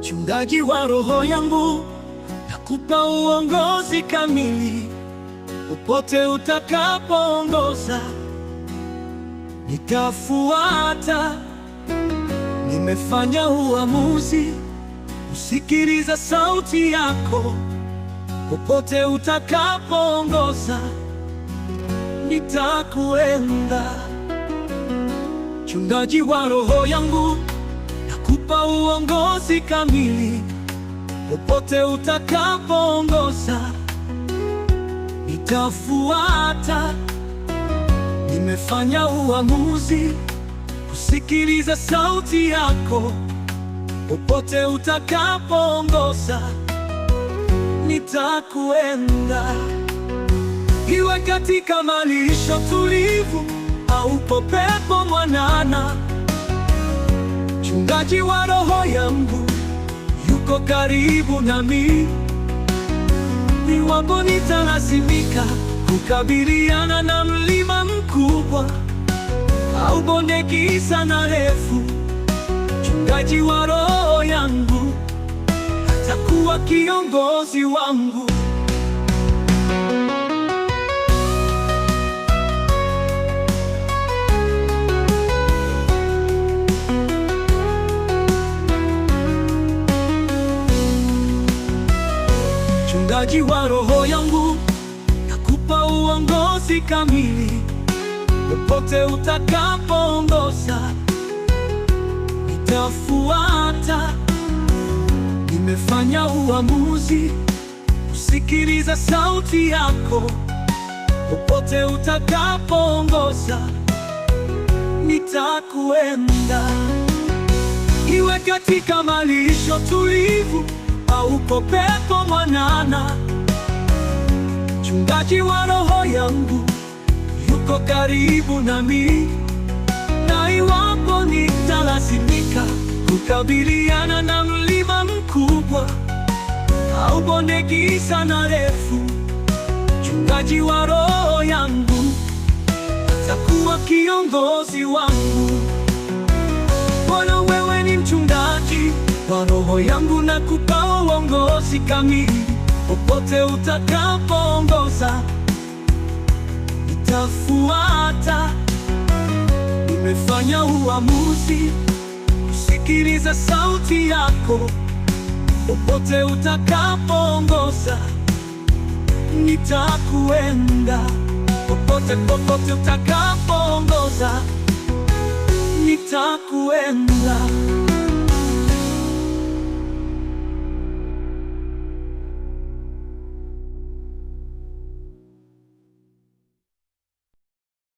mchungaji wa roho yangu, nakupa uongozi kamili popote utakapoongoza nitafuata. Nimefanya uamuzi kusikiliza sauti yako, popote utakapoongoza nitakuenda, mchungaji wa roho yangu. Nitakupa uongozi kamili popote utakapoongoza, nitafuata. Nimefanya uamuzi kusikiliza sauti yako, popote utakapoongoza nitakuenda, iwe katika malisho tulivu au popepo mwanana. Mchungaji wa roho yangu yuko karibu nami, iwapo nitalazimika kukabiliana na mlima mkubwa au bonde kisa na refu, mchungaji wa roho yangu atakuwa kiongozi wangu. mchungaji wa roho yangu, nakupa uongozi kamili, popote utakapoongoza nitafuata. Nimefanya uamuzi kusikiliza sauti yako, popote utakapoongoza nitakuenda, iwe katika malisho tulivu uko pepo mwanana, chungaji wa roho yangu yuko karibu nami, na iwapo nitalazimika kukabiliana na mlima mkubwa au bonde giza na refu, chungaji wa roho yangu atakuwa kiongozi wangu. kwa roho yangu na kupa uongozi kamili, popote utakapoongoza nitafuata. Nimefanya uamuzi kusikiliza sauti yako, popote utakapoongoza nitakuenda, popote popote utakapoongoza nitakuenda.